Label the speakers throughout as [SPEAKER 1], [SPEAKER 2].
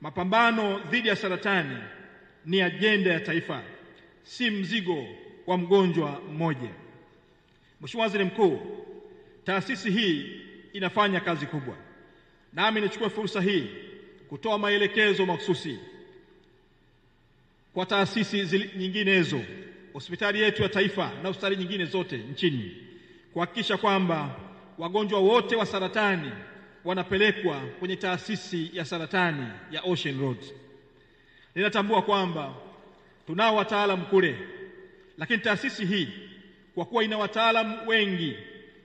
[SPEAKER 1] Mapambano dhidi ya saratani ni ajenda ya taifa, si mzigo wa mgonjwa mmoja. Mheshimiwa Waziri Mkuu, taasisi hii inafanya kazi kubwa, nami nichukue fursa hii kutoa maelekezo mahususi kwa taasisi nyinginezo, hospitali yetu ya taifa na hospitali nyingine zote nchini kuhakikisha kwamba wagonjwa wote wa saratani wanapelekwa kwenye taasisi ya saratani ya Ocean Road. Ninatambua kwamba tunao wataalamu kule, lakini taasisi hii kwa kuwa ina wataalamu wengi,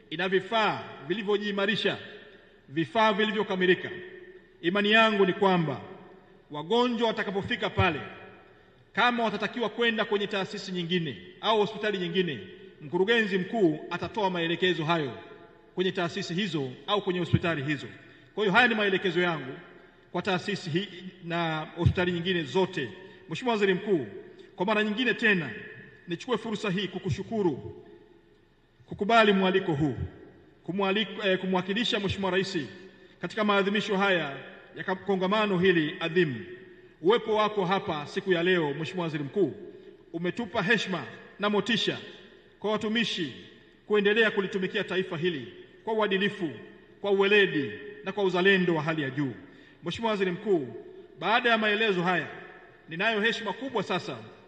[SPEAKER 1] ina vifaa vilivyojiimarisha, vifaa vilivyokamilika, imani yangu ni kwamba wagonjwa watakapofika pale, kama watatakiwa kwenda kwenye taasisi nyingine au hospitali nyingine, mkurugenzi mkuu atatoa maelekezo hayo kwenye taasisi hizo au kwenye hospitali hizo. Kwa hiyo haya ni maelekezo yangu kwa taasisi hii na hospitali nyingine zote. Mheshimiwa Waziri Mkuu, kwa mara nyingine tena nichukue fursa hii kukushukuru kukubali mwaliko huu kumwaliko, eh, kumwakilisha Mheshimiwa Rais katika maadhimisho haya ya kongamano hili adhimu. Uwepo wako hapa siku ya leo, Mheshimiwa Waziri Mkuu, umetupa heshima na motisha kwa watumishi kuendelea kulitumikia taifa hili kwa uadilifu, kwa uweledi na kwa uzalendo wa hali ya juu. Mheshimiwa Waziri Mkuu, baada ya maelezo haya, ninayo heshima kubwa sasa